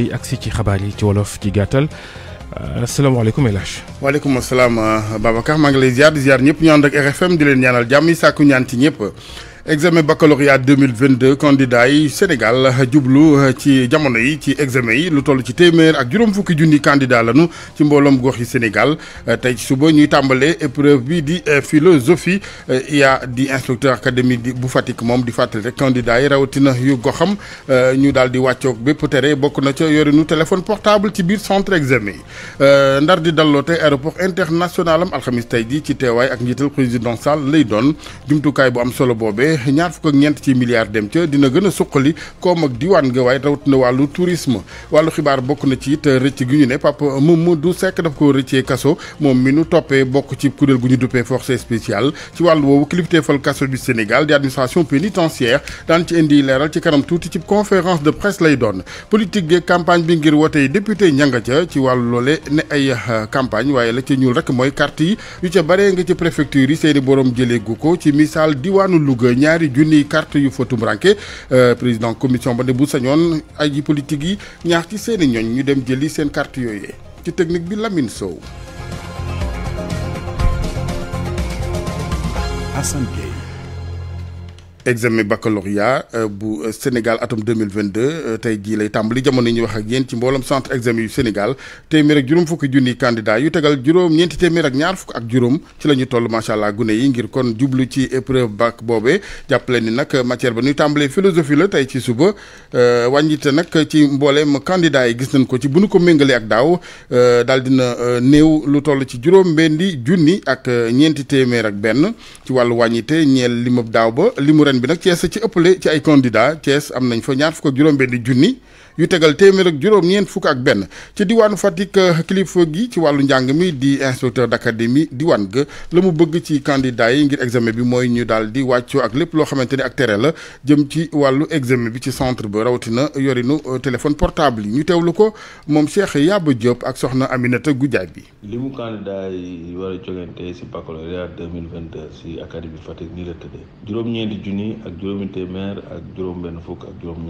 tey agsi ci xabaar yi ci wolof ci gàttal euh, asalaamaaleykum El Hadj. waaleykum salaam Babacar maa ngi lay ziar di ziar ñëpp ñu ànd RFM di leen ñaanal jàmm saaku sàkku ñaan ci ñëpp. examen vingt 2022 candidat yi Sénégal jublu ci jamono yi ci examen yi lu toll ci téeméer ak juróom fukki junni candidat lañu ci mbooloom gox yi Sénégal euh, tey ci suba ñuy tàmbalee épreuve bi di euh, philosophie euh, yaa di instructeur académique bu Fatick moom di fàttali rek candidat yi rawatina yu goxam ñu daal di wàccoog bépp tere bokk na ca yorinu téléphone portable ci biir centre examen yi ndar di dalloo tey aéroport international am alxamis tey ji ci teewaay ak njiital président Sall lay doon jumtukaay bu am solo boobee. boole ñaar fukk ak ñeent ci milliards dem ca dina gën suqali koom ak diwaan nga waaye rawat na wàllu tourisme wàllu xibaar bokk na ci it rëcc gi ñu ne Papa Mamadou Seck daf ko rëccee kaso moom mi nu toppee bokk ci kuréel gu ñu duppee force spéciale ci wàllu woowu kilifteefal kaso du Sénégal di administration pénitentiaire daan ci indi leeral ci kanam tuuti ci conférence de presse lay doon politique geeg campagne bi ngir wootey député ñanga ca ci wàllu loole ne ay euh, campagne waaye la ca ñuul rek mooy carte yi yu ca bare nga ci ñaari junniy carte yu foto tumranke euh, président commission ba ne bu sañoon ay ji politique yi ñaax ci seeni ñoñ ñu dem jëli seen carte yooyee ci technique bi Lamine Sow. Assane examen baccalauréat euh, bu euh, Sénégal atum 2022 euh, tey jii lay tàmbali jamono yi ñuy wax ak yéen ci mboolem centre examen yu Sénégal téeméer ak juróom fukki junni candidat yu tegal juróom ñeenti téeméer ak ñaar fukk ak juróom ci la ñu toll macha allah gune yi ngir kon jublu ci épreuve bac boobe jàppale ni nag matière ba ñuy tàmbalee philosophie la tey ci suba wàññite nag ci mbooleem candidat yi gis nan ko ci bu nu ko méngalee ak daaw daal dina néew lu toll ci juróom mbenn di ak ñeenti téeméer ak benn ci wàllu wàññite ñeel limub ren bi nag Thiès a ci le ci ay candidats Thiès am nañ fa ñaar fukk ak juróom-benn junni yu tegal téeméer ak juróom-ñeent fukk ak benn ci diwaanu Fatick euh, kilifa gi ci wàllu njàng mi di instructeur d'académie diwaan ga la mu bëgg ci candidat yi ngir examen bi mooy ñu daal di wàccoo ak lépp loo xamante ni ak tere la jëm ci wàllu examen bi ci centre ba rawatina yorinu euh, téléphone portable yi ñu teewlu ko moom Cheikh Yaba Diop ak soxna Aminata Goudiaye bi. li mu candidat yi war a jogante si baccalauréat 2022 si académie Fatick nii la tëddee juróom-ñeenti junni ak juróomi téeméer ak juróom-benn fukk ak juróom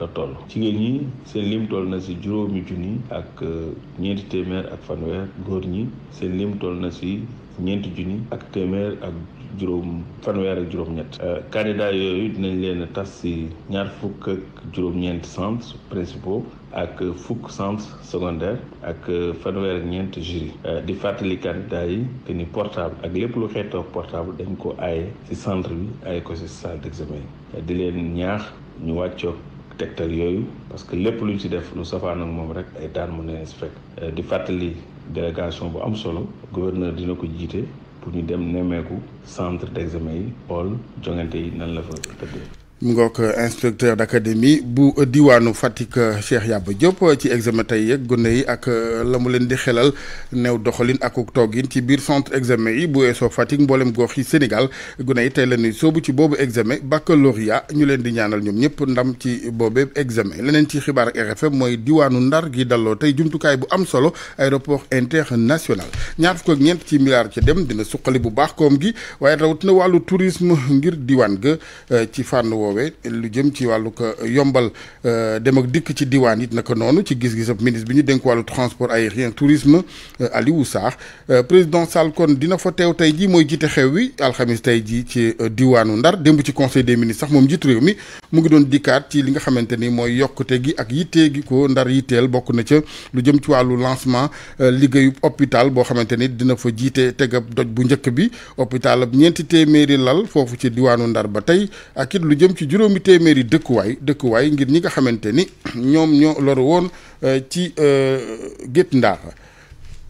la toll jigéen ñi seen lim toll na si juróomi junni ak euh, ñeenti téeméer ak fanweer góor ñi seen lim toll na si ñeenti junni ak téeméer ak juróom fanweer ak juróom-ñett euh, candidat yooyu dinañ leen tas si ñaar fukk ak juróom-ñeent centres principaux ak euh, fukk centres secondaires ak fanweer ak ñeent jury di fàttali candidat yi que ni portable ak lépp lu xeetoo portable dañ ko aaye si centre bi aaye ko si salle d'examen di leen ñaax ñu wàccoog tegtal yooyu parce que lépp luñ ci def lu safaan moom rek ay daan mu ne fekk euh, di fàttali délégation bu am solo gouverneur dina ko jiite pour ñu dem nemmeeku centre d'examen yi xool jongante yi nan la fa tëddee mu ngoog inspecteur d'académie bu diwaanu Fatick Cheikh Yaba Diop ci examen tey yeeg gune yi ak euh, la mu leen di xelal néew doxalin ak toogin ci biir centre examen yi bu weesoo Fatick mboolem gox yi Sénégal gone yi tey la ñuy sóobu ci boobu examen baccalauréat ñu leen di ñaanal ñoom ñëpp ndam ci boobu examen leneen ci xibaar ak RFM mooy diwaanu Ndar gi dalloo tey jumtukaay bu am solo aéroport international ñaar fukk ak ñeent ci milliards ci dem dina suqali bu baax gi waaye rawatina wàllu tourisme ngir diwaan ga euh, ci fànn woowee lu jëm ci wàllu ko yombal euh, dem ak dikk ci diwaan yit naka noonu ci gis-gisab ministre bi ñu dénk wàllu transport ay tourisme euh, Aliou Sarr euh, président Sall kon dina fa teew tey jii mooy jiite xew wi alxamis tey jii ci diwaanu Ndar démb ci conseil des ministres sax moom jiitu réew mi mu ngi doon dikkaat ci li nga xamante ni mooy yokkute gi ak yitte gi ko ndar yitteel bokk na ca lu jëm ci wàllu lancement euh, liggéeyu hôpital boo xamante ni dina fa jiite tegab doj bu njëkk bi hôpital ab ñeenti téeméeri lal foofu ci diwaanu ndar ba tey ak it lu jëm ci juróomi téeméeri dëkkuwaay dëkkuwaay ngir ñi nga xamante ni ñoom ñoo loru woon euh, ci euh, Guet Ndar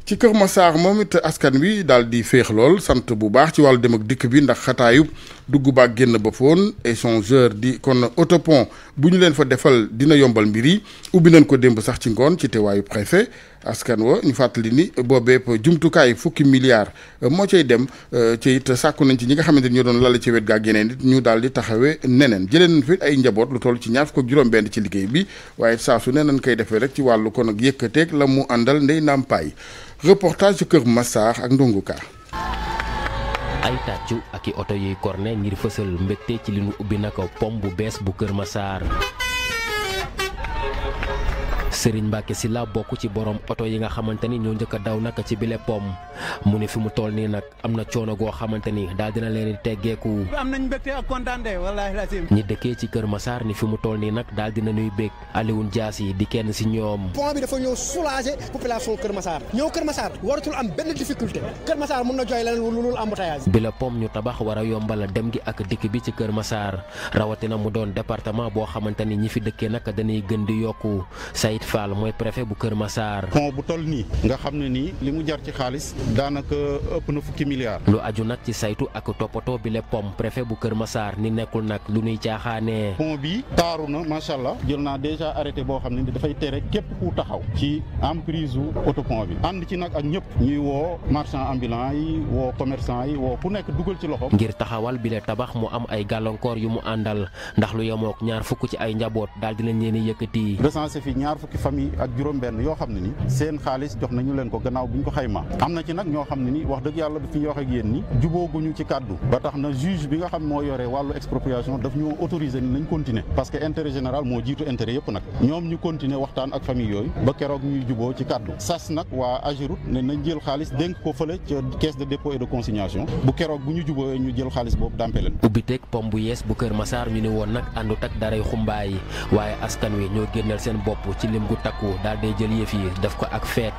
ci Kër Massar moom it askan wi daal di féex lool sant bu baax ci wàllu dem ak dikk bi ndax xataayub dugg baak génn ba foon échangeur di kon autopont bu ñu leen fa defal dina yombal mbir yi ubbi nañ ko démb sax ci ngoon ci teewaayu préfet askan wa ñu fàttali ni boobee jumtukaay fukki milliards euh, moo cay dem euh, ci it sàkku nañ ci ñi nga xamante ni ñoo doon lal ci wet gaa yeneen it ñu daal di taxawee neneen jëlee nañ fi ay njaboot lu toll ci ñaar fukk ak juróom-benn ci liggéey bi waaye saa su ne nañ koy defee rek ci wàllu kon ak yëkkateeg la mu àndal ndey ndàmpaay reportage ci Kër Massar ak Ndongo Ka ay tàccu ak i oto yuy korne ngir fësal mbégte ci li nu ubbi na ko pom bu bees bu Kër Massar. Serigne Mbacke Sylla bokk ci borom oto yi nga xamante ni ñoo njëkk a daw nag ci bile pom mu ne fi mu toll nii nag am na coono goo xamante ni daal dina leen teggeeku. am nañ mbégte ak kontaan ñi dëkkee ci Kër Massar ni fi mu toll nii nag daal dina nuy béeg Alioune jaas yi di kenn si ñoom. pont bi dafa ñëw soulager population Kër Massar. ñëw Kër Massar waratul am benn difficulté Kër Massar mun na jooy leneen lu lul embouteillage. bile pom ñu tabax war a yombal dem gi ak dikk bi ci Kër Massar rawatina mu doon département boo xamante ni ñi fi dëkkee nag dañuy gën di yokku Fall mooy préfet bu Kër Massar. pont bu toll nii nga xam ne nii li mu jar ci xaalis daanaka ëpp na fukki milliards. lu aju nag ci saytu ak toppatoo bi le pom préfet bu Kër masaar ni nekkul nag lu nuy caaxaanee. pont bi taaru na macha allah jël naa déjà arrêté boo xam ne dafay tere képp ku taxaw ci emprise u autopont bi ànd ci nag ak ñëpp ñuy woo marchand ambulant yi woo commerçant yi woo ku nekk dugal ci loxo. ngir taxawal bi tabax mu am ay gàllankoor yu mu àndal ndax lu yemook ñaar fukk ci ay njaboot daal fukki famille ak juróom-benn yoo xam ne ni seen xaalis jox nañu leen ko gannaaw bu ñu ko xayma am na ci nag ñoo xam ne ni wax dëgg yàlla fi ñu wax ak yéen ni jubóoguñu ci kàddu ba tax na juge bi nga xam moo yore wàllu expropriation daf ñoo autorisé ni nañ continuer parce que intérêt général moo jiitu intérêt yëpp nag ñoom ñu continuer waxtaan ak famille yooyu ba keroog ñuy juboo ci kàddu sas nag waa Ageroute ne nañ jël xaalis dénk ko fële ca caisse de bu keroog bu ñu juboo ñu jël xaalis boobu dàmpe leen ubbi teg pom bu yees bu Kër Massar ñu gu takku daal dee jël yëf yi def ko ak feet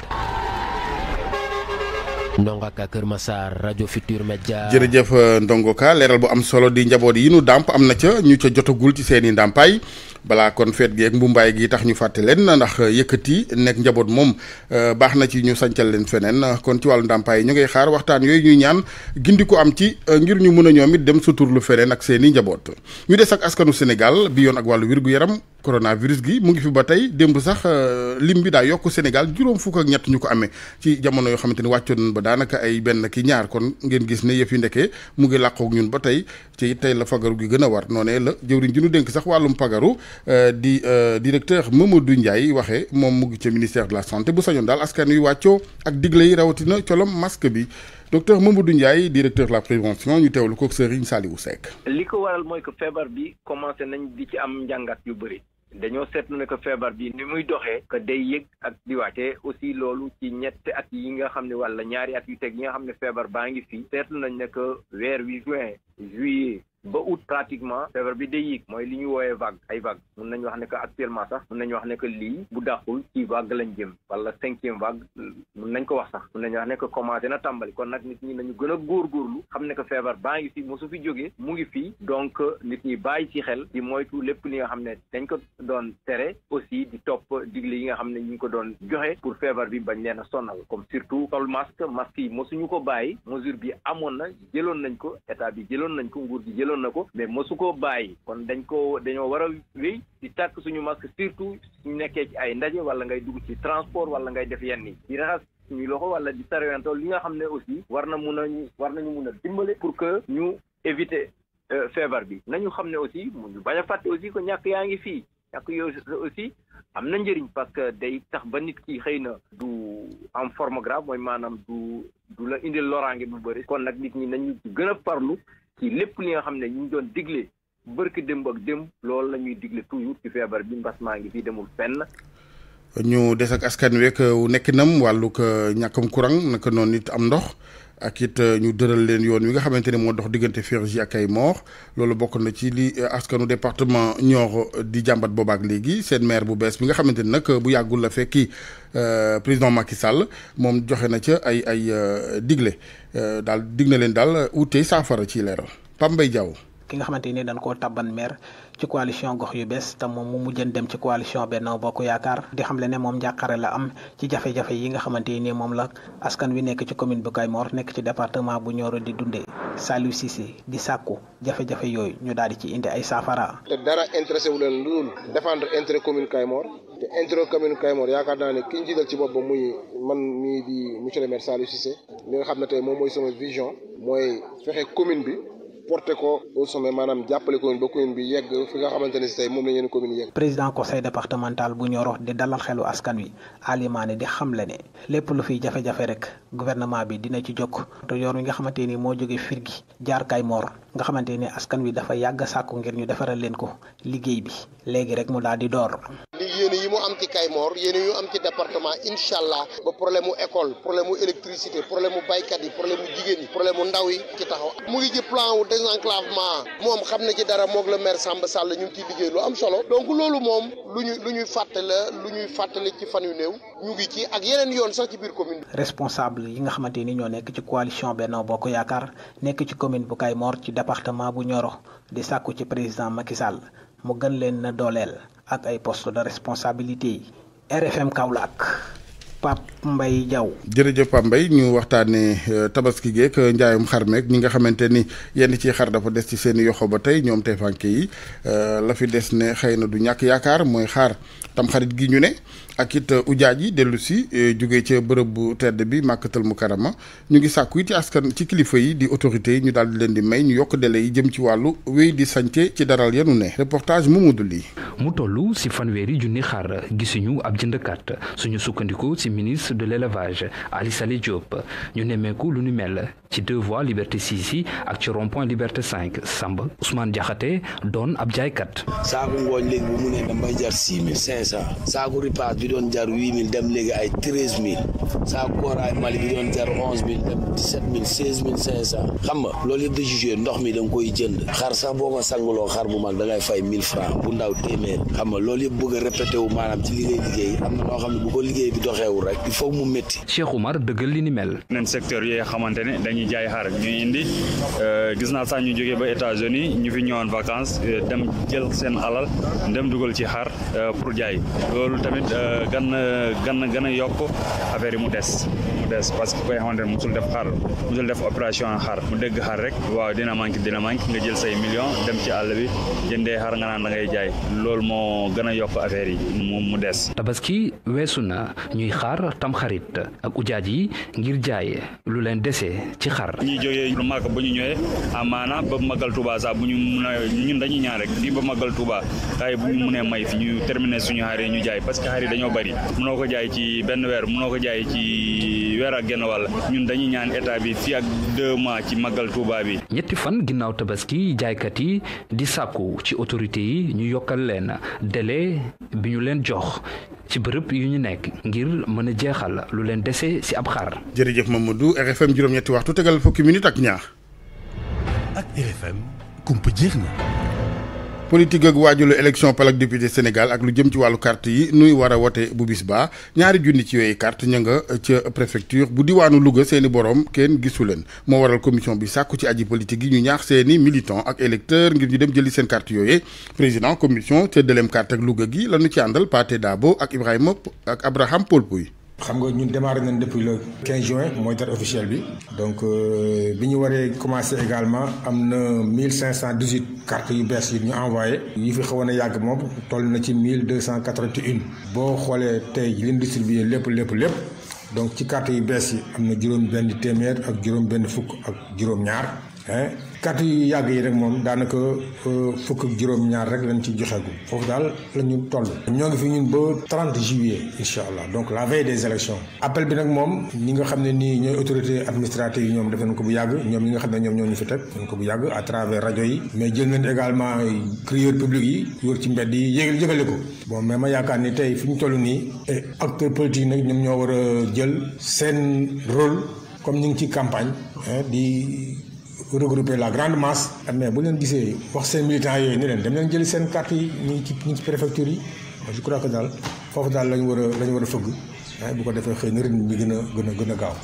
Ndongo Ka Kër Massar rajo Futur Media. jërëjëf euh, Ndongo Ka leeral bu am solo di njaboot yi nu dàmp am na ca ñu ca jotagul ci seen i ndàmpaay balaa kon feet gi ak mbumbaay gi tax ñu fàtte leen ndax yëkkati nekk njaboot moom euh, baax na ci ñu sancal leen feneen kon ci wàllu ndàmpaay ñu ngay xaar waxtaan yooyu ñuy ñaan gindi ko am ci euh, ngir ñu mën a ñoom it dem suturlu feneen ak seen i njaboot ñu des ak askanu Sénégal bi yoon ak wàllu wér gu yaram. coronavirus gi mu ngi fi ba tey démb sax euh, lim bi daa yokk Sénégal juróom fukk ak ñett ñu ko amee ci jamono yoo xamante ni wàccoon ba daanaka ay benn ki ñaar kon ngeen gis ne yëf yi ndekee mu ngi làqoog ñun ba tey ci tey la fagaru gi gën a war noonee la jëwriñ ji ñu dénk sax wàllum pagaru euh, di euh, directeur du Ndiaye waxee moom mu ngi ca ministère de la santé bu sañoon daal askan wi wàccoo ak digle yi rawatina colom masque bi docteur Mamadou Ndiaye directeur de la prévention ñu teewlu ko Serigne Saliou Seck. li ko waral mooy que feebar bi commencé nañ di ci am njàngat yu bëri. dañoo seetlu ne que feebar bi ni muy doxee que day yëg ak di wàcce aussi loolu ci ñetti at yi nga xam ne wala ñaari at yu teg yi nga xam ne feebar baa ngi fii seetlu nañ ne que weer wi juin juillet ba août pratiquement feebar bi day yéeg mooy li ñu wooyee vague ay vague mun nañu wax ne que actuellement sax mun nañu wax ne que lii bu dàqul ci vague lañ jëm wala cinquième vague mun nañ ko wax sax mun nañ wax nekk que commencé na tàmbali kon nag nit ñi nañu gën a góorgóorlu xam ne que feebar baa ngi fi mosu fi jógee mu ngi fii donc nit ñi bàyyi ci xel di tu lépp li nga xam ne dañ ko doon tere aussi di topp digle yi nga xam ne ñu ngi ko doon joxe pour feebar bi bañ leen a sonal comme surtout sol masque masque yi mosuñu ko bàyyi mesure bi amoon na jëloon nañ ko état bi jëloon nañ ko nguur gi jëloon na ko mais mosu koo bàyyi kon dañ ko dañoo war a wéy di tàkk suñu masque surtout suñu nekkee ci ay ndaje wala ngay dugg ci transport wala ngay def yenn yi di raxas suñu loxo wala di sarewantoo li nga xam ne aussi war na mun a war nañu mun a dimbale pour que ñu éviter euh, feebar bi nañu xam ne aussi mu ñu bañ a fàtte aussi ko ñàkk yaa ngi fii ñàkk yooyu aussi am na njëriñ parce que day tax ba nit ki xëy na du am forme mooy maanaam du du la indil loraange bu bëri kon nag nit ñi nañu gën a parlu ci lépp li nga xam ne ñu ngi doon digle bërki démb ak démb loolu la ñuy digle toujours ci feebar bi mbas maa ngi fii demul fenn. ñu des ak askan wi nekk nekkinam wàllug euh, ñàkkam courant naka noon it am ndox. ak it euh, ñu dëral leen yoon wi nga xamante ne moo dox diggante Fergie ak Kayemor loolu bokk na ci li euh, askanu département Nioro euh, di jàmbat boobaak léegi seen maire bu bees bi nga xamante ne nag bu yàggul la fekki président Macky Sall moom joxe na ca ay ay digle daal dig leen daal wute saafara ci leeral Pam Mbaye Diaw ki nga xamante ni dañ koo tabban maire ci coalition gox yu bees te moom mu mujjën dem ci coalition Benno Bokk Yaakaar di xamle ne moom njàqare la am ci jafe-jafe yi nga xamante ni moom la askan wi nekk ci commune bu Kaymoor nekk ci département bu Nioro di dundee Saliou Cissé di sàkku jafe-jafe yooyu ñu daal di ci indi ay saafara. te dara intéressé wu leen lu dul défendre intérêt commune Kaymoor te intérêt commune Kaymoor yaakaar naa ne ki ñu jiital ci boppam bi. porté ko au sommet maanaam jàppale commune ba commune bi yegg président nga xamante ne bu Nioro di dalal xelu askan wi alimaane di xamle ne lépp lu fiy jafe-jafe rek gouvernement bi dina ci jokk te yoon wi nga xamante ni moo jóge Firgi jaar kay moor nga xamante ni askan wi dafa yàgg sàkku ngir ñu defaral leen ko liggéey bi léegi rek mu daal di door yéen mu am ci Kaymoor yéen yu am ci département incha allah problème mu école problème mu électricité problème mu baykat yi problème mu mu ndaw yi ci taxaw mu ngi ci plan wu désenclavement moom xam na ci dara moog le maire Samba Sall ñu ngi ciy liggéey am solo donc loolu moom lu ñu lu ñuy fàttali lu ñuy fàttali ci fan yu néew ñu ngi ci ak yeneen yoon sax ci biir commune responsable yi nga xamante ni ñoo nekk ci coalition Benno Bokk Yaakaar nekk ci commune bu Kaymoor ci département bu Nioro di sàkku ci président Macky Sall mu gën leen na dooleel ak ay postes de responsabilité yi RFM Kaolack Pape Mbaye Diaw. jërëjëf Pape Mbaye ñu waxtaanee euh, tabaski geek euh, njaayum xar meeg ñi nga xamante ni yenn ci xar dafa des ci seeni i yoxo ba tey ñoom tefanke yi euh, la fi des ne xëy na du ñàkk yaakaar mooy xaar tam xarit gi ñu ne ak it ujaaj euh, yi dellu si euh, jóge ca bërëb bu tedd bi màkkatal mu karama ñu ngi sàkku ci askan ci kilifa yi di autorités yi ñu daal di leen di may ñu yokk délai yi jëm ci wàllu wéy di sañce ci daral yanu ne reportage Mamadou Ly mu toll si fanweeri junni xar gisuñu ab jëndkat suñu sukkandiku ci ministre de l' élevage Aly Saleh Diop ñu nemmeeku lu ñu mel ci deux voies liberté 6 yi ak ci rond point liberté 5 Samba Ousmane Diakhaté doon ab jaaykat. saaku ngooñ doon jar huit mille dem léegi ay treize mille saa kooraay Mali bi doon jar dem dix mille seize mille cinq cent xam nga loolu yëpp da jugé ndox mi da nga koy jënd xar sax boo ko sangaloo xar bu mag da ngay fay mille francs bu ndaw téeméer xam nga lool yëpp bëgg a répété wu maanaam ci liggéey liggéey am na noo xam ne bu ko liggéey bi doxeewul rek il faut mu métti Cheikh Oumar dëggal li ni mel nen secteur yi nga xamante ne dañuy jaay xar ñu indi euh, gis naa sax ñu jógee ba États-Unis ñu fi ñëwoon vacances euh, dem jël seen alal dem dugal ci xar euh, pour jaay gan gan gën a yokk affaire yi mu des mu des parce que koy xamante ne musul def xar musul def opération xar mu dégg xar rek waaw dina manqué dina manqué nga jël say million dem ci àll bi jëndee xar nga naan da ngay jaay loolu moo gën a yokk affaire yi mu mu des tabaski weesu na ñuy xaar tam xarit ak ujaaj yi ngir jaay lu leen dese ci xar ñuy jógee lu màgg bu ñu ñëwee amaana ba magal Touba sax bu ñu mun a dañuy ñaan rek fii ba magal Touba xaay bu ñu mënee may fi ñu terminer a bëri ko jaay ci benn weer mënoo ko jaay ci weer ak genn wàll ñun dañuy ñaan état bi fii ak deux mois ci màggal Tuuba bi. ñetti fan ginnaaw tabaski jaaykat yi di sàkku ci autorité yi ñu yokkal leen délai bi ñu leen jox ci bërëb yu ñu nekk ngir mën a jeexal lu leen dese si ab xar. jërëjëf Mamadou RFM juróom-ñetti waxtu tegal fukki minute ak ñaar. ak RFM kumpa jeex na. politique ak waajulu élection palak député Sénégal ak lu jëm ci wàllu carte yi nuy war a wote bu bis baa ñaari junni ci yooyu carte ña nga ca préfecture bu diwaanu luga seeni borom kenn gisu leen moo waral commission bi sàkku ci aji politique yi ñu ñaax seeni militant ak électeur ngir ñu dem jëli seen carte yooyee président commission séddaleem carte ak Louga gi lañu ci àndal Pathé Dabo ak Ibrahima ak Abraham Polpuy xam nga ñun démarré nañ depuis le 15 juin mooy date officielle bi donc euh, bi ñu waree commencé également am na 1518 cartes yu bees yi ñu envoyé yi fi xawoon a yàgg moom toll na ci 1281 boo xoolee tey li ñu distribué lépp lépp lépp donc ci cartes yu bees yi am na juróom benn téeméer ak juróom benn fukk ak juróom ñaar carte yu yàgg yi rek moom daanaka euh, fukk ak juróom-ñaar rek lañ ci joxeegu foofu daal la ñu toll. ñoo ngi fi ñun ba 30 juillet incha allah donc la veille des élections appel bi nag moom ñi nga xam ne ni ñooy autorité administrative yi ñoom def nañ ko bu yàgg ñoom ñi nga xam ne ñoom ñoo ñu fi teg nañ ko bu yàgg à travers rajo yi. mais jël nañ également crieur public yi wër ci mbedd yi yéegal jëgale ko bon mais ma yaakaar ni tey fi ñu toll nii acteur politique nag ñoom ñoo war a jël seen rôle comme ñu ngi ci campagne di. regrouper la grande masse mais bu leen gisee wax seen militants yooyu ni leen dem leen jëli seen carte yi ñu ngi ci ñu ngi ci préfecture yi je crois daal foofu daal lañ war a lañ war a fëgg waaye eh, bu ko defee xëy na rythme bi gën a gën a gën gaaw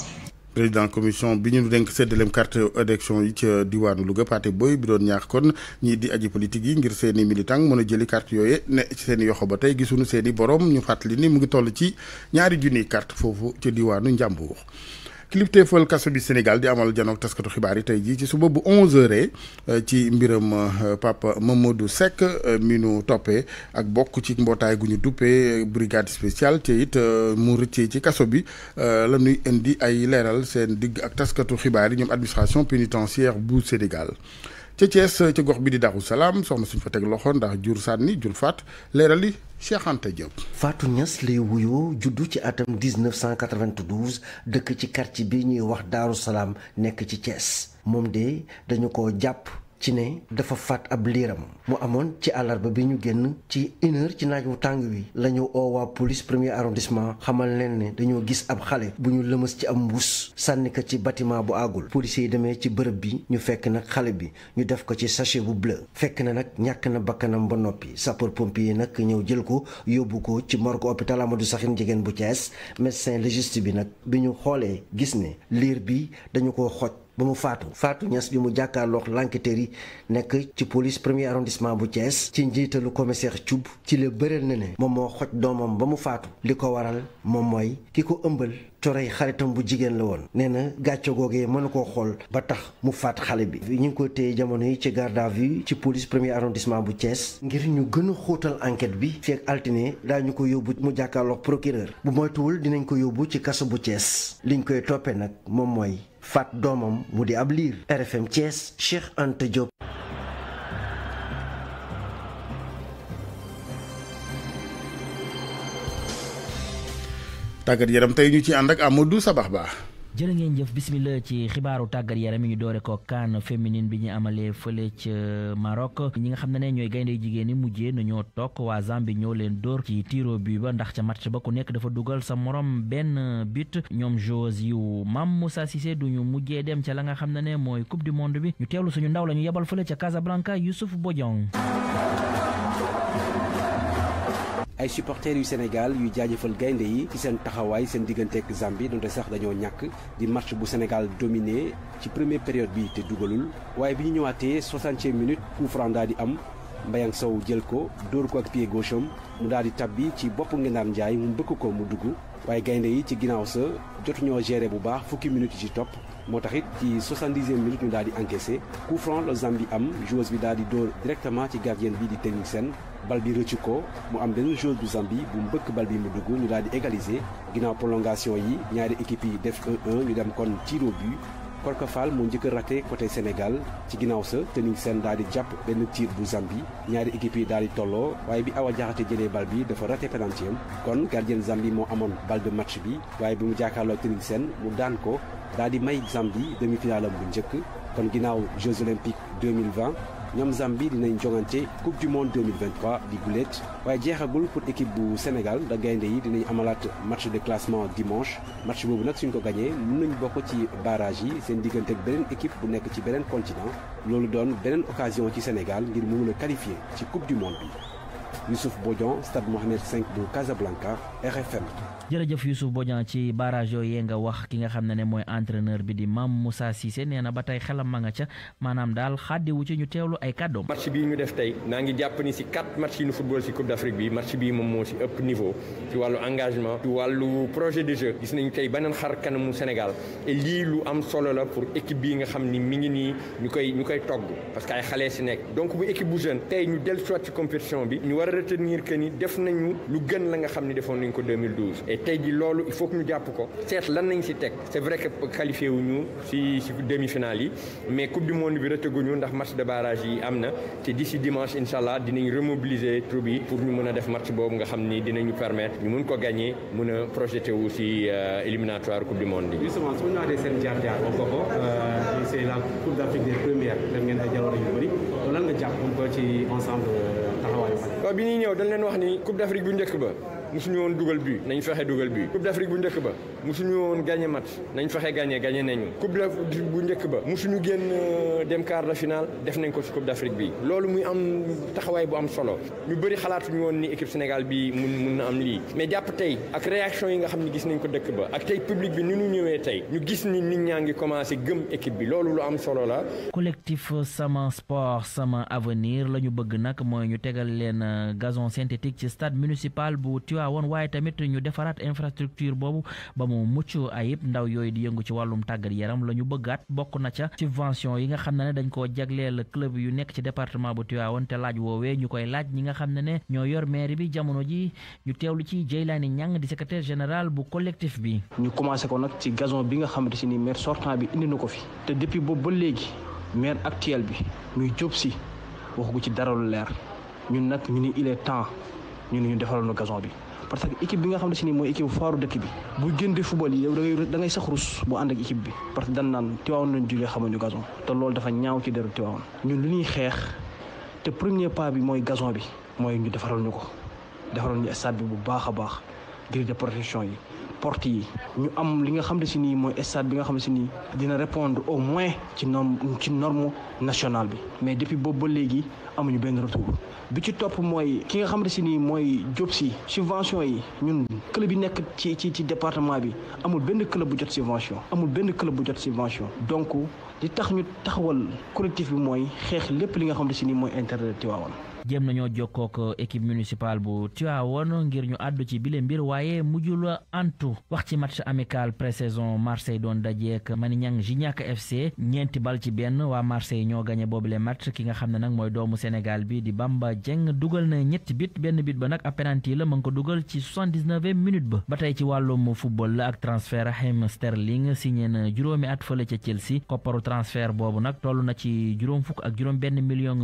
président commission bi ñu denk séddaleem carte élection yi ca diwaanu Louga Pathé booy bi doon ñaax kon ñii di aji politique yi ngir seen i militant mën a jëli carte yooyu ne ci seen yoxo ba tey gisuñu seen i borom ñu fàttali nii mu ngi toll ci ñaari junniy carte foofu ca diwaanu Njàmbur kilifteefal kaso bi Sénégal di amal janook taskatu xibaar yi tey jii ci suba bu 11h euh, ci mbiram euh, Papa modu Seck euh, mi nu toppee ak bokk ci mbootaay gu ñu duppee brigade spéciale te it mu rëccee ci kaso bi la ñuy indi ay leeral seen digg ak taskatu xibaar yi ñoom administration pénitentiaire bu Sénégal. ca Thiès ca gox bi di Daaru Salaam soxna suñ fa teg loxo ndax jur sànni jur faat leeral li Cheikh Anta Diop. Fatou Niass lay wuyoo juddu ci atam 1992 dëkk ci quartier bi ñuy wax Daaru Salaam nekk ci Thiès moom de dañu ko jàpp. ci ne dafa faat ab liiram mu amoon ci àllarba bi ñu génn ci une ci naaj wu tàng wi la ñu oo waa premier arrondissement xamal leen ne dañoo gis ab xale bu ñu lëmas ci ab mbuus sànni ko ci bâtiment bu àggul policiers yi demee ci bërëb bi ñu fekk nag xale bi ñu def ko ci sachet bu bleu fekk na nag ñàkk na bakkanam ba noppi sapeur pompier nag ñëw jël ko yóbbu ko ci morgue hôpital Amadou Sakhir jigéen bu Thiès médecin légiste bi nag bi ñu xoolee gis ne liir bi dañu ko xoj ba mu faatu faatu ñas bi mu jàkkaarloo l'enquêteur yi nekk ci police premier arrondissement bu cees ci njiitalu commissaire Thioub ci la bëreel na ne moom moo xoj doomam ba mu faatu li ko waral moom mooy ki ko ëmbal coroy xaritam bu jigéen la woon nee na gàcce googee mënu koo xool ba tax mu faat xale bi ñu ngi ko téye jamono yi ci garde à ci police premier arrondissement bu cees ngir ñu gën a xóotal enquête bi feek altine daañu ko yóbbu mu jàkkaarloog procureur bu moytuwul dinañ ko yóbbu ci kaso bu cees liñ koy toppee nag moom mooy faat doomam mu di ab liir RFM Thiès Cheikh Anta Diop. tàggat yaram tey ñu ci ànd ak am Amadou Sabax Ba. jërë ngeen jëf bismillah ci xibaaru tàggat yaram yi ñu doore ko kaan féminin bi ñu amalee fële ca Maroc ñi nga xam ne ne ñooy gaynde jigéen ñi mujjee nañoo toog waa Zambie ñoo leen dóor ci tiro bi ba ndax ca match ba ku nekk dafa dugal sa morom benn bit ñoom joueurs yu Mame Moussa Cissé du ñu mujjee dem ca la nga xam ne ne mooy coupe du monde bi ñu teewlu suñu ndaw la ñu yebal fële ca Casablanca Youssouf Bodiang ay supporters yu Sénégal yu jaajëfal gaynde yi ci seen taxawaay seen diggante ak Zambie donte sax dañoo ñàkk di match bu Sénégal dominé ci première période bi te dugalul waaye bi ñu ñëwaatee soixantième minute coup franc daal di am Mbayang Sow jël ko dóor ko ak pied gauche mu daal di tabbi ci bopp Ngendane Ndiaye mu mbëkk ko mu dugg waaye gaynde yi ci ginnaaw sa jotuñoo géré bu baax fukki minutes yi ci topp moo tax it ci 70e minute ñu daal di encaissé coup franc la Zambie am joueuse bi daal di dóor directement ci gardien bi di technique seen bal bi rëccu ko mu am benn joueuse bu Zambie bu mbëkk bal bi mu dugg ñu daal di égaliser ginnaaw prolongation yi ñaari équipe yi def 1-1 ñu dem kon tiro but Korka moo njëkk a raté côté Sénégal ci ginnaaw sa Tening Sène daal di jàpp benn tir bu Zambie ñaari équipe yi daal di tolloo waaye bi Awa Jaxate jëlee bal bi dafa raté penaltiyam kon gardien Zambie moo amoon bal de match bi waaye bi mu jàkkaarloo Tening Sène mu daan ko daal di may Zambie demi-finale am bu njëkk kon ginnaaw Jeux olympiques 2020 ñoom Zambie dinañ jongante coupe du monde 2023 di guléet waaye jeexagul pour équipe bu Sénégal da gaynde yi dinañ amalaat match de classement dimanche match boobu nag suñ ko gañee mën nañ bokk ci barage yi seen diggante ak beneen équipe bu nekk ci beneen continent loolu doon beneen occasion ci Sénégal ngir mu mën a qualifier ci coupe du monde bi Youssouf Bodian Stade Mohamed V bu Casablanca RFM jërëjëf Youssouf Bodian ci barrage yooyu nga wax ki nga xam ne ne mooy entraîneur bi di Mame Moussa Cissé nee na ba tey xelam ma nga ca maanaam daal xàddiwu ci ñu teewlu ay kàddoom. match bii ñu def tey naa ngi jàpp si quatre match yi ñu football si Coupe d'Afrique bi match bii moom moo si ëpp niveau ci wàllu engagement ci wàllu projet de jeu gis nañu tey beneen xar kanamu Sénégal et lii lu am solo la pour équipe bii nga xam ni mi ngi nii ñu koy ñu koy togg parce que ay xale si donc bu équipe bu jeune tey ñu dellu soit ci ni def nañu lu gën la nga xam ni defoon nañ ko 2012 et tey ji loolu il faut que ñu jàpp ko seet lan nañ si teg c' est vrai que demi finale yi mais coupe du monde bi rëtëguñu ndax match de barrage yi am na te d'ici dimanche incha allah dinañ remobiliser troupe yi pour ñu mën a def match boobu nga xam ni dinañu permettre ñu mun ko gagner mun a projeté wu si euh, éliminatoire coupe du monde yi. justement su ñu waxee seen jaar-jaar wax ko euh, c'est la coupe d' Afrique des premières def ngeen ay jaloore yu bëri lan ci ensemble euh, musuñu woon dugal bii nañ fexe dugal bii coupe d'Afrique bu njëkk ba musuñu woon gagné match nañ fexe nañu coupe d'Afrique bu njëkk ba musuñu génn euh, dem quart de finale def nañ ko ci coupe d'Afrique bi loolu muy am taxawaay bu am solo ñu bëri xalaatuñu woon ni équipe Sénégal bi mun mun na am lii mais jàpp tey ak réaction yi nga xam ne gis nañ ko dëkk ba ak tey public bi ni ñu ñëwee tey ñu gis ni nit ñaa ngi commencé gëm équipe bi loolu lu am solo la collectif sama sport sama avenir la ñu bëgg nag mooy ñu tegal leen euh, gazon synthétique Tiwaawoon waaye tamit ñu defaraat infrastructure boobu ba mu mucc ayib ndaw yooyu di yëngu ci wàllum tàggat yaram la ñu bëggaat bokk na ca subvention yi nga xam ne dañ koo jagleel club yu nekk ci département bu Tiwaawoon te laaj woowee ñu koy laaj ñi nga xam ne ne ñoo yor mairie bi jamono ji ñu teewlu ci Jeylaani Ñang di secretaire général bu collectif bi. ñu commencé ko nag ci gazon bi nga xamante si ni maire sortant bi indi na ko fi te depuis boobu ba léegi maire actuel bi muy Diop Sy waxu ci dara lu leer ñun nag ñu temps ñu ni ñu defaral nu bi. parce que équipe bi nga xam ne si nii mooy équipe faaru dëkk bi bu gën di football yi yow da ngay sax rus boo ànd ak équipe bi parce que dan naan Tiwaawan lañ jógee xamuñu gazon te loolu dafa ñaaw ci deru Tiwaawan ñun lu ñuy xeex te premier pas bi mooy gazon bi mooy ñu defaral ñu ko defaral ñu stade bi bu baax a baax grille de protection yi porte yi ñu am li nga xam ne si nii mooy stade bi nga xam ne si nii dina répondre au moins ci norme ci norme nationale bi mais depuis boobu ba léegi amuñu benn retour bi ci topp mooy ki nga xam ne si nii mooy job si subvention yi ñun club yi nekk ci ci ci département bi amul benn club bu jot subvention amul benn club bu jot subvention donc li tax ñu taxawal collectif bi mooy xeex lépp li nga xam ne si nii mooy intérêt Tivaouane jéem nañoo jokkook équipe municipale bu Tivaouane ngir ñu àddu ci bile mbir waaye mujjul antu wax ci match amical pré-saison Marseille doon dajeek Maniang Gignac FC ñeenti bal ci benn waa Marseille ñoo gañe boobule match ki nga xam ne nag mooy doomu Sénégal bi di Bamba Dieng dugal na ñetti bit benn bit ba nag ab penalty la ma ngi ko dugal ci soixante-dix-neuvième minute ba ba tey ci wàllum football la ak transfert Raheem Sterling signé na juróomi at fële ca Chelsea kopparu transfert boobu nag toll na ci juróom fukk ak juróom benn million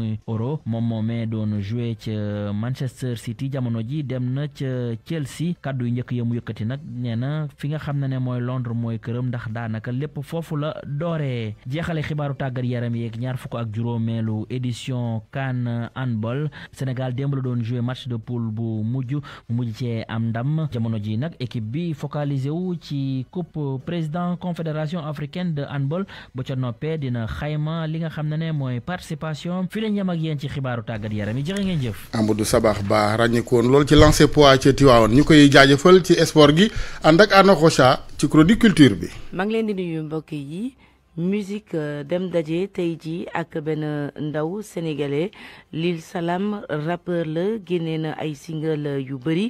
doon joué ca Manchester City jamono ji dem na ca Chelsea kàddu yu njëkk ya mu yëkkati nag nee na fi nga xam ne ne mooy Londres mooy këram ndax daanaka lépp foofu la dooree jeexale xibaaru tàggat yaram yeeg ñaar fukk ak juróomeelu édition CAN handball Sénégal démb la doon joué match de poule bu mujj mu mujj cee am ndam jamono ji nag équipe bi focalisé wu ci coupe président confédération africaine de handball bu ca noppee dina xayma li nga xam ne ne mooy participation fi lañ ci xibaaru tàggat yaram bi jërë ngeen jëf. Amadou Sabax Ba ràññeeku woon loolu ci lancer poids ci Tivaouane ñu koy jaajëfal ci sport gi ànd ak Anna Rocha ci chronique culture bi. maa ngi leen di nuyu mbokkee yi. musique euh, dem daje tey jii ak benn ndaw sénégalais Lil salaam rappeur la génnee na ay single yu bëri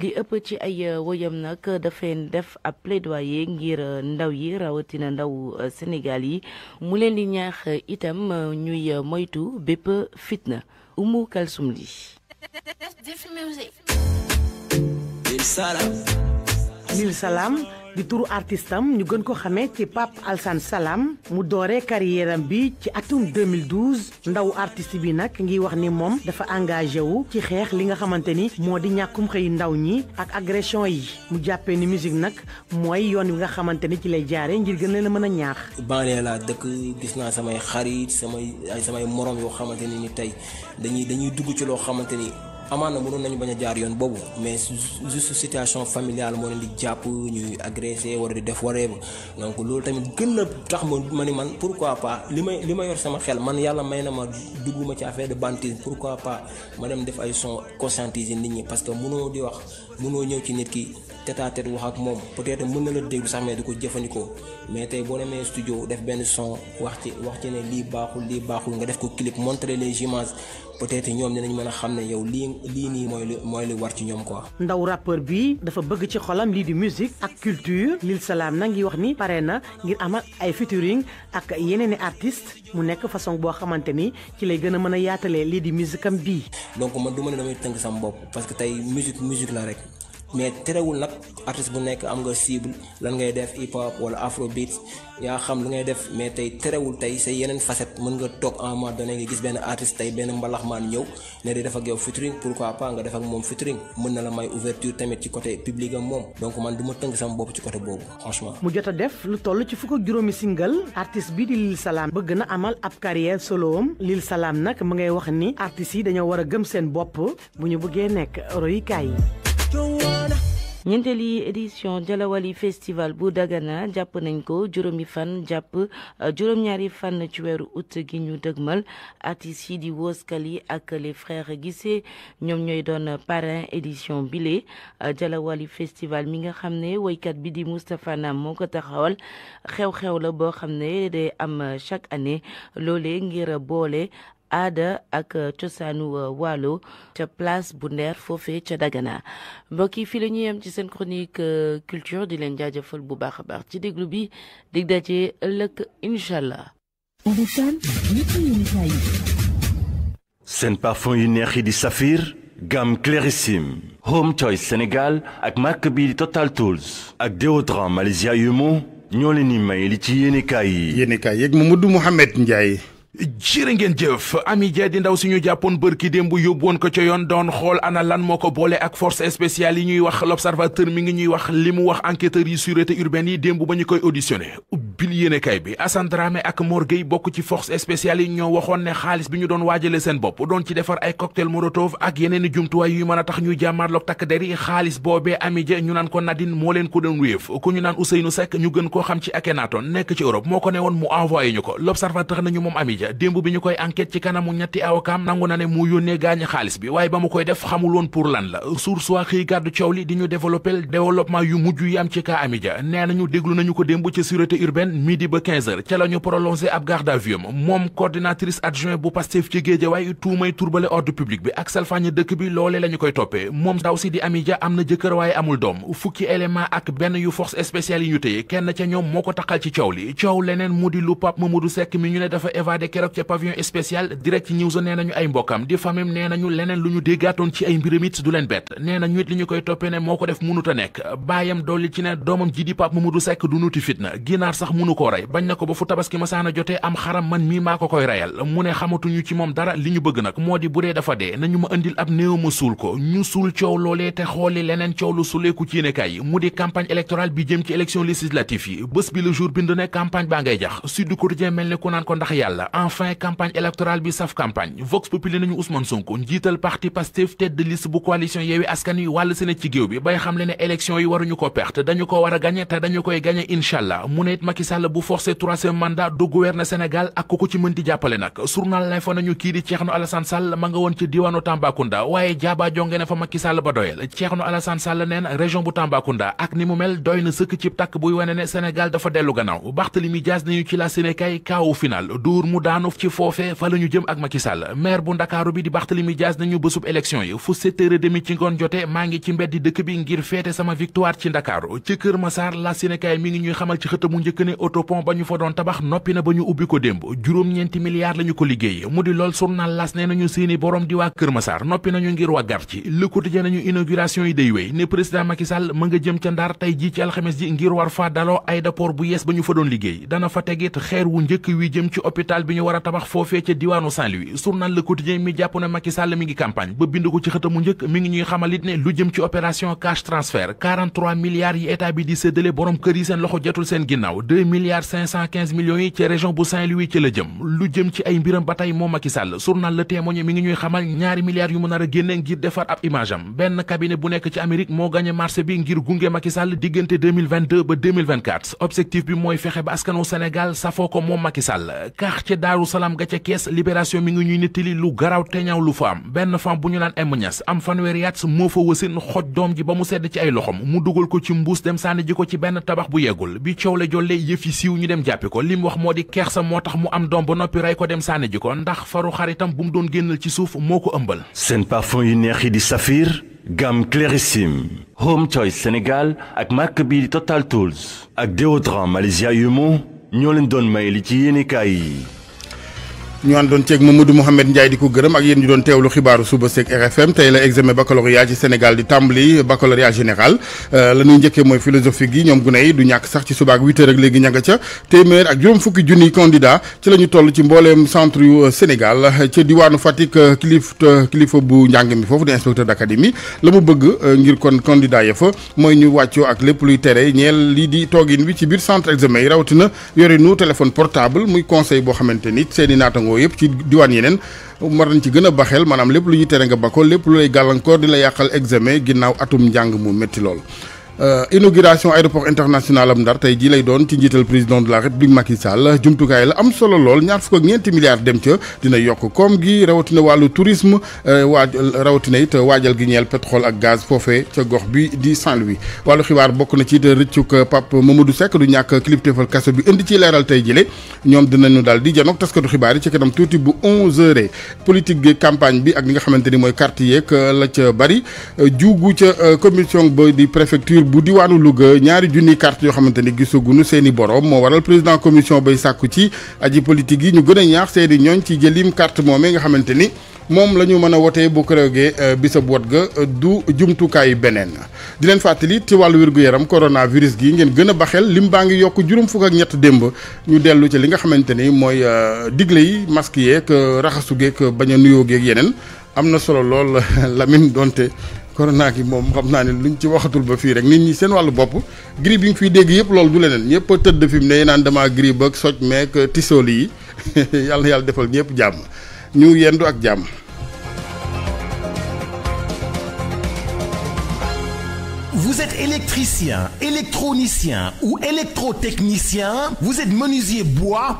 li ëpp ci ay euh, wojam nag dafay def ab plaidoyer ngir euh, ndaw yi rawatina ndaw Sénégal yi mu leen di ñaax itam ñuy moytu bépp fitna. Oumou Kalsoum Ly Mille Salam di turu artiste ñu gën ko xamee ci Pape alsan salaam mu doore carrière bi ci atum 2012 ndaw artiste bi nag ngiy wax ni moom dafa engagé wu ci xeex li nga xamante ni moo di ñàkkum xëy ndaw ñi ak agression yi mu jàppee ni musique nag mooy yoon wi nga xamante ni ci lay jaare ngir gën leen a mën a ñaax. banlieue dëkk gis naa samay xarit samay samay morom yoo xamante ni ni tey dañuy dañuy dugg ci loo xamante ni. amaan na mënoon nañu bañ a jaar yoon boobu mais juste situation familiale moo leen di jàpp ñuy agressé wala di def waree ba donc loolu tamit gën a tax ma ma ni man pourquoi pas li may li ma yor sama xel man yàlla may na ma dugguma ci affaire de pour pourquoi pas ma dem def ay son conscientiser nit ñi parce que mënoo di wax mënoo ñëw ci nit ki. tête à wax ak moom peut-être mën na la déglu sax mais du ko jëfandikoo mais tey boo demee studio def benn son wax ci wax ci ne lii baaxul lii baaxul nga def ko clip montrer les images peut-être ñoom dinañ mën a xam ne yow lii lii nii mooy li mooy li war ci ñoom quoi. ndaw rappeur bi dafa bëgg ci xolam lii di musique ak culture Lil Salam na ngi wax ni pare na ngir amal ay featuring ak yeneen i artistes mu nekk façon boo xamante ni ci lay gën a mën a yaatalee lii di am bii. donc man du ma ne damay tënk sama bopp parce que tey musique musique la rek. mais terewul nag artiste bu nekk am nga cible lan ngay def hip hop wala afrobeat yaa xam lu ngay def mais tey terewul tey sa yeneen facette mën nga toog en moment donné nga gis benn artiste tey benn mbalaxmaan ñëw ne di def ak yow featuring pourquoi pas nga def moom featuring mën na la may ouverture tamit ci côté public am moom donc man du ma tënk sama bopp ci côté boobu franchement. mu jot a def lu toll ci fukk ak juróomi single artiste bi di Lil Salam bëgg na amal ab solo am Lil Salam nag mu ngay wax ni artistes yi dañoo war a gëm seen bopp bu ñu bëggee nekk royukaay yi. ñeenteeli édition Jalawali festival bu Dagana jàpp nañ ko juróomi fan jàpp euh, juróom-ñaari fan ci weeru août gi ñu dëgmal artistes yi di Woskali ak les frères Guissé ñoom ñooy doon parrain édition bile euh, Jalawali festival mi nga xam ne woykat bi di Moustapha Nam moo ko taxawal xew-xew la boo xam ne day am chaque année loolee ngir a boole aada ak euh, cosaanu euh, waalo ca place bu ndeer foofe ca Dagana mbokk yi fii la yem ci seen chronique euh, culture di leen jaajëfal bu baax a baax ci déglu bi dig daje ëllëg incha allah. seen parfum yu neex yi di Saphir gamme Clarissime Home Choice Sénégal ak mark bi di Total Tools ak déodorant Malaysia Yumo ñoo leen di may li ci yéenekaay yi. yéenekaay yeeg Mamadou Mouhamed Ndiaye. jërë ngeen jëf Ami Dia si ñu jàppoon bërki démb yóbbu woon ko ca yoon doon xool ana lan moo ko boole ak force spéciale yi ñuy wax l'observateur mi ngi ñuy wax li mu wax enquêteurs yi sûreté urbaine yi démb ba ñu koy auditionné ubbil kay bi Assane Dramé ak Mor Gueye bokk ci force spéciale yi ñoo waxoon ne xaalis bi ñu doon waajale seen bopp doon ci defar ay cocktail molotov ak yeneen jumtuwaay yuy mën a tax ñuy jàmmaarloog takk der yi xaalis boobee moo leen ko doon wéef ku koo xam ci Akhenaton nekk ci Europe moo ko ne woon ja démb bi ñu koy enquête ci kanamu ñetti awokaam nangu na ne mu yónnee gaañi xaalis bi waaye ba mu koy def xamul woon pour lan la source waa xëy gàddu coow li di ñu développé développement yu mujj yi am ci kaa Amidia nee nañu déglu nañu ko démb ci sûreté urbaine midi ba 15 heures ca la ñu prolongé ab garde à vue moom coordinatrice adjoint bu Pastef ci Géejawaay tuumay turbale ordre public bi ak salfaaña dëkk bi loolee la ñu koy toppee moom ndaw si di Amidia am na jëkkër waaye amul doom fukki élément ak benn yu force spéciale ñu téye kenn ca ñoom moo ko taqal ci coow li coow leneen mu di lu Pape mi ñu keroog ca pavillon spécial direct news nee nañu ay mbokkam di famim nee nañu leneen lu ñu déggaatoon ci ay mbiram it du leen bett nee nañu it li ñu koy toppee ne moo ko def mënut a nekk baayam dolli ci ne doomam ji di Pape Mamadou Seck du nuti fitna ginaar sax mënu koo rey bañ na ko ba fu tabaski masaana jotee am xaram man mii maa ko koy reyal mu ne xamatuñu ci moom dara li ñu bëgg nag moo di bu dee dafa dee nañu ma indil ab néew ma suul ko enfin campagne électorale bi saf campagne Vox Populi nañu Ousmane Sonko njiital parti Pastef tête de bu coalition Yewwi Askan Wi wàll seen ci géew bi bay xamle ne élection yi waruñu ko perte dañu ko war a gagné te dañu koy gagné inchallah mu ne it Macky bu forcé mandat du gouverner Sénégal ak ku ko ci mën di jàppale nag journal L'Info nañu kii di Thierno Alassane Sall ma nga woon ci diwaanu Tambacounda waaye jaaba jonge na fa Macky Sall ba doyal Thierno naanuf ci foofe fa la ñu jëm ak Macky Sall maire ci ngoon jote ngir feete sama victoire ci ndakaaru ci la Sénégal mi ba ñu fa doon liggéey mu di lool journal las ne nañu jëm ci alxames ji ñu fa doon liggéey dana fa tegit xeer wu njëkk wi jëm ci hôpital bi ñu war a tabax foofee ca diwaanu Saint-Louis journal Le Quotidien mi jàpp na bind ko ci xët mu njëkk mi ngi ñuy xamalit ne lu jëm yi état bi di séddale borom kër yi seen loxo jotul seen ginnaaw 2 milliards 515 millions yi ci région bu Saint-Louis ci la jëm lu jëm ci ay mbiram ba tey moo Macky Sall journal Le Témoin mi ngi ñuy xamal ñaari milliards yu mu nar a génne ngir defar ab image benn cabinet bu nekk ci Amérique moo gagné marché bi ngir gunge Macky Sall diggante 2022 ba 2024 objectif bi mooy fexe ba askanu Sénégal safoo ko moom Macky Sall quartier daaru salaam ga ca kees libération mi ngi ñuy nettali lu garaw te ñaaw lu fa am benn femme bu ñu naan em ñas am fanweeri at moo fa wasin xoj doom ji ba mu sedd ci ay loxom mu dugal ko ci mbuus dem sànni ji ko ci benn tabax bu yeggul bi coow la jolle yëf yi siiw ñu dem jàppi ko li mu wax moo di sa moo tax mu am doom ba noppi rey ko dem sànni ji ko ndax faru xaritam bu mu doon génnal ci suuf moo ko ëmbal seen parfum yu neex yi di Safir gamme Clarissime Home Choice Sénégal ak marque bii di Total Tools ak déodorant Malaysia Yumo ñoo leen doon may ci yéenekaay yi ñu doon ceeg Mamadou Mouhamed Ndiaye di ko gërëm ak yéen ñu doon teewlu xibaaru suba seeg RFM tey la examen baccalauréat ci Sénégal di tàmbali baccalauréat général euh, la ñuy njëkkee mooy philosophie gi ñoom gune yi du ñàkk sax ci suba ak 8 ak léegi ña nga ca téeméer ak juróom fukki junniy candidat ci la ñu toll ci mbooleem centre yu euh, Sénégal ci diwaanu Fatick euh, kilif kilifa bu njàng mi foofu di inspecteur d'académie la mu bëgg ngir kon candidat ya mooy ñu wàccoo ak lépp luy tere ñeel lii di toogin wi ci biir centre examen yi rawatina yorinu téléphone portable muy conseil boo xamante ni seeni naataango rangoo yëpp ci diwaan yeneen mar nañ ci gën a baxeel maanaam lépp lu ñuy tere nga bakko lépp lu lay gàllankoor di la yàqal examen ginnaaw atum njàng mu métti lool Euh, inauguration aéroport international am Ndar tey jii lay doon ci njiital président de la république Macky Sall jumtukaay la am solo lool ñaar fukk ak ñeenti dem ca dina yokk koom gi rawatina wàllu tourisme euh, waaj rawatina it waajal gi ñeel pétrole ak gaz foofe ca gox bi di Saint-Louis wàllu xibaar bokk na ci it rëccug Pape Mamadou Seck du ñàkk kilifteefal kaso bi indi ci leeral tey jile ñoom dinañu daal di janoog taskatu xibaar yi ci kanam tuuti bu 11h campagne bi ak li nga xamante ni mooy carte yeeg euh, la ca bari juugu ca commission ba di préfecture bu diwaanu Louga ñaari junniy carte yoo xamante ni gisagunu seen borom moo waral président commission bay sàkku ci aji politique yi ñu gën a ñaax seen i ñooñ ci jëlim kart moomee nga xamante ni moom la ñu mën a wotee bu créogee euh, bisab wot ga euh, du jumtukaayu beneen di leen fàttali ci wàllu wér-gu-yaram coronavirus gi ngeen gën a baxel lim baa ngi yokk juróom fukk ak ñett démb ñu dellu ci li nga xamante ni mooy euh, digle yi masque yeeg raxasu geek bañ a nuyoo geeg yeneen am na solo lool donte corona gi moom xam naa ne ñu ci waxatul ba fii rek nit ñi seen wàllu bopp grippe yi ñu fiy dégg yëpp loolu du leneen ñëpp a tëdd fi mu ne naan damaa grippe ak soj meeg tisooli yi yàlla na yàlla defal ñëpp jàmm ñu yendu ak jàmm. Vous êtes électricien, électronicien ou électrotechnicien, vous êtes menuisier bois,